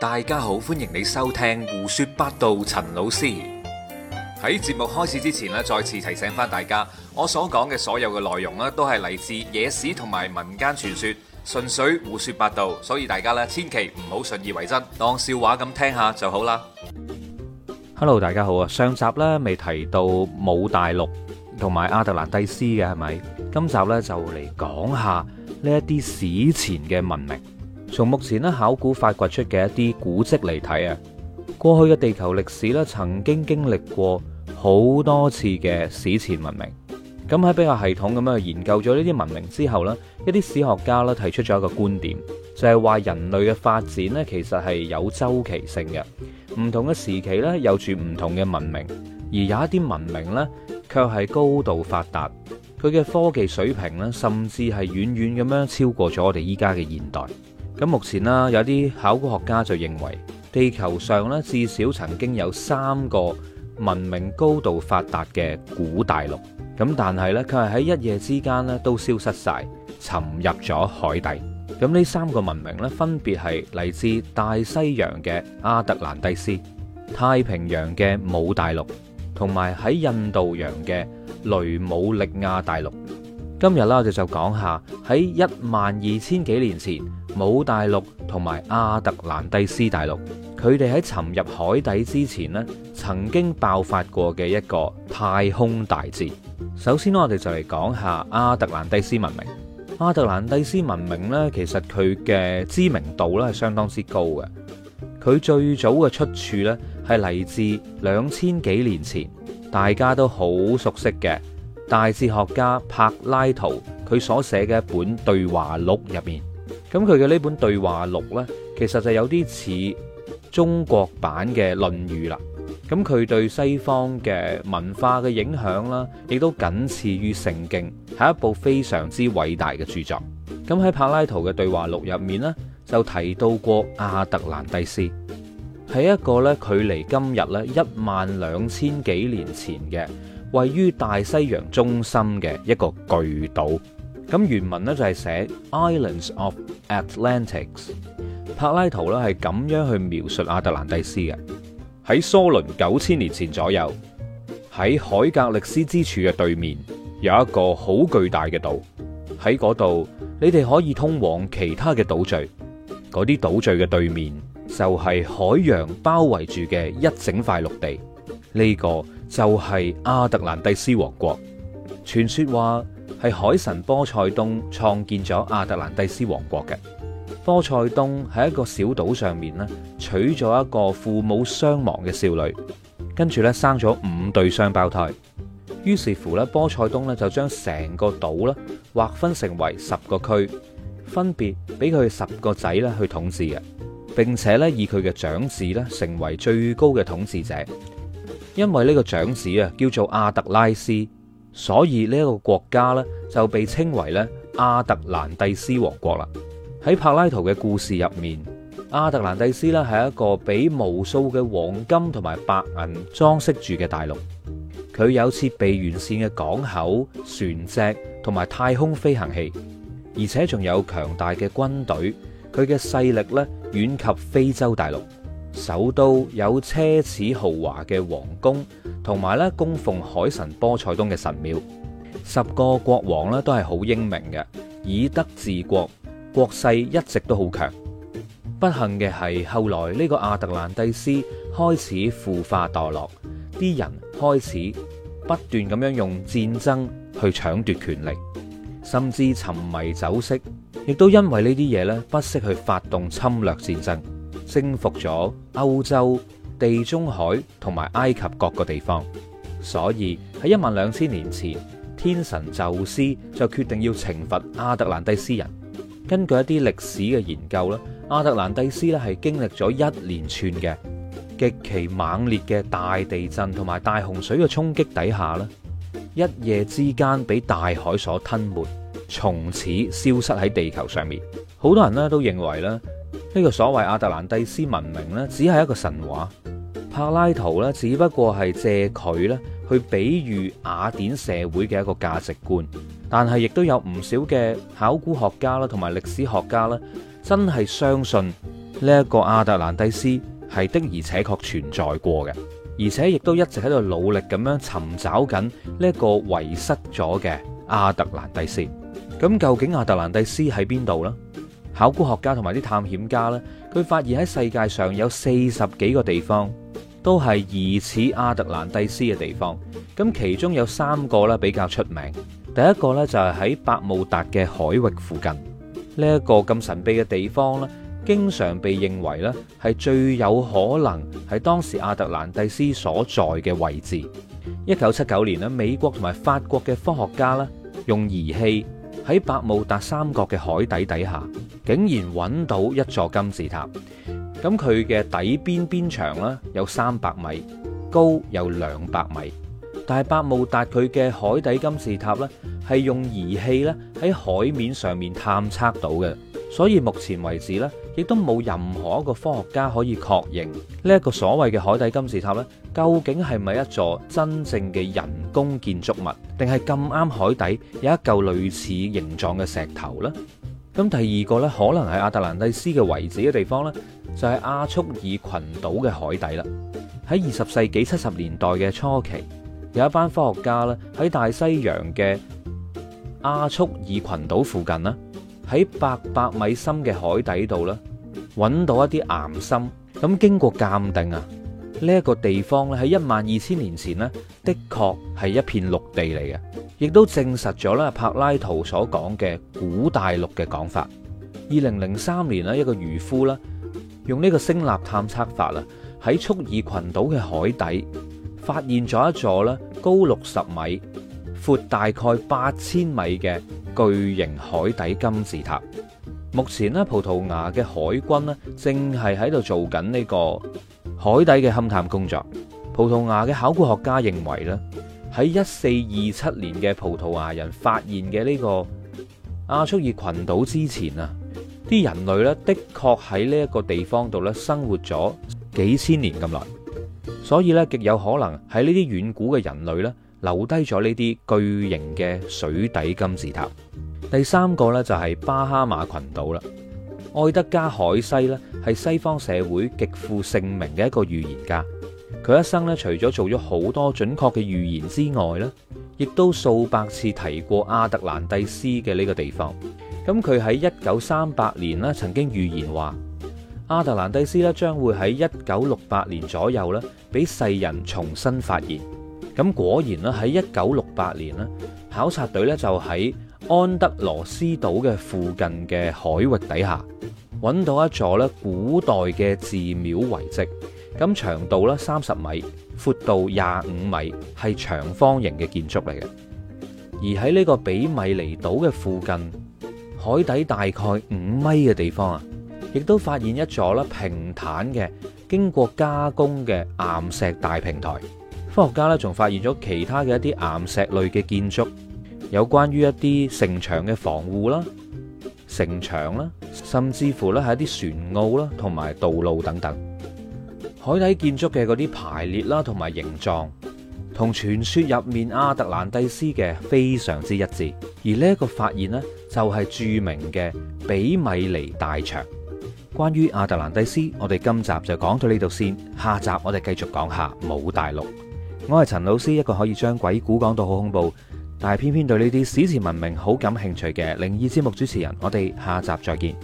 大家好，歡迎你收聽胡說八道。陳老師喺節目開始之前咧，再次提醒返大家，我所講嘅所有嘅內容咧，都係嚟自野史同埋民間傳說，純粹胡說八道，所以大家咧千祈唔好信以為真，當笑話咁聽下就好啦。Hello，大家好啊！上集咧未提到姆大陸同埋亞特蘭蒂斯嘅係咪？今集咧就嚟講下呢一啲史前嘅文明。從目前咧考古發掘出嘅一啲古蹟嚟睇啊，過去嘅地球歷史咧，曾經經歷過好多次嘅史前文明。咁喺比較系統咁樣去研究咗呢啲文明之後咧，一啲史學家咧提出咗一個觀點，就係話人類嘅發展咧其實係有周期性嘅。唔同嘅時期咧有住唔同嘅文明，而有一啲文明咧卻係高度發達，佢嘅科技水平咧甚至係遠遠咁樣超過咗我哋依家嘅現代。咁目前啦，有啲考古學家就認為，地球上呢至少曾經有三個文明高度發達嘅古大陸。咁但係呢，佢係喺一夜之間呢都消失晒，沉入咗海底。咁呢三個文明呢，分別係嚟自大西洋嘅阿特蘭蒂斯、太平洋嘅武大陸，同埋喺印度洋嘅雷姆利亞大陸。今日啦，我哋就講下喺一萬二千幾年前，武大陸同埋亞特蘭蒂斯大陸，佢哋喺沉入海底之前咧，曾經爆發過嘅一個太空大戰。首先我哋就嚟講下亞特蘭蒂斯文明。亞特蘭蒂斯文明呢，其實佢嘅知名度咧係相當之高嘅。佢最早嘅出處呢，係嚟自兩千幾年前，大家都好熟悉嘅。大哲學家柏拉圖佢所寫嘅一本對話錄入面，咁佢嘅呢本對話錄呢，其實就有啲似中國版嘅《論語》啦。咁佢對西方嘅文化嘅影響啦，亦都僅次於《聖經》，係一部非常之偉大嘅著作。咁喺柏拉圖嘅對話錄入面呢，就提到過亞特蘭蒂斯，係一個呢距離今日呢一萬兩千幾年前嘅，位於大西洋中心嘅一個巨島，咁原文呢就係寫 Islands of Atlantis。柏拉圖呢係咁樣去描述亞特蘭蒂斯嘅。喺梭倫九千年前左右，喺海格力斯之柱嘅對面有一個好巨大嘅島，喺嗰度你哋可以通往其他嘅島嶼，嗰啲島嶼嘅對面就係海洋包圍住嘅一整塊陸地，呢、這個。就係亞特蘭蒂斯王國，傳說話係海神波塞冬創建咗亞特蘭蒂斯王國嘅。波塞冬喺一個小島上面咧，娶咗一個父母雙亡嘅少女，跟住呢生咗五對雙胞胎。於是乎咧，波塞冬咧就將成個島啦劃分成為十個區，分別俾佢十個仔咧去統治嘅，並且咧以佢嘅長子咧成為最高嘅統治者。因為呢個長子啊叫做亞特拉斯，所以呢一個國家咧就被稱為咧亞特蘭蒂斯王國啦。喺柏拉圖嘅故事入面，亞特蘭蒂斯呢係一個俾無數嘅黃金同埋白銀裝飾住嘅大陸，佢有設備完善嘅港口、船隻同埋太空飛行器，而且仲有強大嘅軍隊，佢嘅勢力咧遠及非洲大陸。首都有奢侈豪華嘅皇宮，同埋咧供奉海神波塞冬嘅神廟。十個國王咧都係好英明嘅，以德治國，國勢一直都好強。不幸嘅係，後來呢個亞特蘭蒂斯開始腐化墮落，啲人開始不斷咁樣用戰爭去搶奪權力，甚至沉迷酒色，亦都因為呢啲嘢呢，不惜去發動侵略戰爭。征服咗歐洲、地中海同埋埃及各個地方，所以喺一萬兩千年前，天神宙斯就決定要懲罰亞特蘭蒂斯人。根據一啲歷史嘅研究啦，亞特蘭蒂斯咧係經歷咗一連串嘅極其猛烈嘅大地震同埋大洪水嘅衝擊底下啦，一夜之間被大海所吞沒，從此消失喺地球上面。好多人呢都認為咧。呢個所謂亞特蘭蒂斯文明呢，只係一個神話。柏拉圖呢，只不過係借佢咧去比喻雅典社會嘅一個價值觀。但係亦都有唔少嘅考古學家啦，同埋歷史學家啦，真係相信呢一個亞特蘭蒂斯係的而且確存在過嘅。而且亦都一直喺度努力咁樣尋找緊呢一個遺失咗嘅亞特蘭蒂斯。咁究竟亞特蘭蒂斯喺邊度呢？考古學家同埋啲探險家咧，佢發現喺世界上有四十幾個地方都係疑似亞特蘭蒂斯嘅地方。咁其中有三個咧比較出名，第一個咧就係喺百慕達嘅海域附近呢一個咁神秘嘅地方咧，經常被認為咧係最有可能係當時亞特蘭蒂斯所在嘅位置。一九七九年呢，美國同埋法國嘅科學家咧用儀器。喺百慕達三角嘅海底底下，竟然搵到一座金字塔。咁佢嘅底邊邊長呢，有三百米，高有兩百米。但係百慕達佢嘅海底金字塔呢，係用儀器咧喺海面上面探測到嘅。所以目前為止咧，亦都冇任何一個科學家可以確認呢一個所謂嘅海底金字塔咧，究竟係咪一座真正嘅人工建築物，定係咁啱海底有一嚿類似形狀嘅石頭呢？咁第二個咧，可能係亞特蘭蒂斯嘅遺址嘅地方咧，就係亞速爾群島嘅海底啦。喺二十世紀七十年代嘅初期，有一班科學家咧喺大西洋嘅亞速爾群島附近啦。喺八百米深嘅海底度啦，揾到一啲岩心，咁經過鑒定啊，呢、這、一個地方咧喺一萬二千年前呢，的確係一片陸地嚟嘅，亦都證實咗咧柏拉圖所講嘅古大陸嘅講法。二零零三年呢，一個漁夫啦，用呢個聲納探測法啦，喺蘇爾群島嘅海底發現咗一座咧高六十米、闊大概八千米嘅。巨型海底金字塔，目前呢，葡萄牙嘅海軍呢，正係喺度做緊呢個海底嘅勘探工作。葡萄牙嘅考古學家認為呢，喺一四二七年嘅葡萄牙人發現嘅呢個亞速爾群島之前啊，啲人類呢的確喺呢一個地方度呢生活咗幾千年咁耐，所以呢，極有可能喺呢啲遠古嘅人類呢。留低咗呢啲巨型嘅水底金字塔。第三個呢，就係巴哈馬群島啦。愛德加海西呢，係西方社會極富盛名嘅一個預言家。佢一生呢，除咗做咗好多準確嘅預言之外呢，亦都數百次提過亞特蘭蒂斯嘅呢個地方。咁佢喺一九三八年呢，曾經預言話亞特蘭蒂斯呢，將會喺一九六八年左右呢，俾世人重新發現。咁果然啦，喺一九六八年咧，考察隊咧就喺安德羅斯島嘅附近嘅海域底下，揾到一座咧古代嘅寺廟遺迹。咁長度咧三十米，闊度廿五米，係長方形嘅建築嚟嘅。而喺呢個比米尼島嘅附近，海底大概五米嘅地方啊，亦都發現一座咧平坦嘅經過加工嘅岩石大平台。科學家咧仲發現咗其他嘅一啲岩石類嘅建築，有關於一啲城牆嘅防護啦、城牆啦，甚至乎咧係一啲船澳啦同埋道路等等。海底建築嘅嗰啲排列啦同埋形狀，同傳説入面亞特蘭蒂斯嘅非常之一致。而呢一個發現呢，就係著名嘅比米尼大牆。關於亞特蘭蒂斯，我哋今集就講到呢度先，下集我哋繼續講下姆大陸。我係陳老師，一個可以將鬼故講到好恐怖，但係偏偏對呢啲史前文明好感興趣嘅靈異節目主持人，我哋下集再見。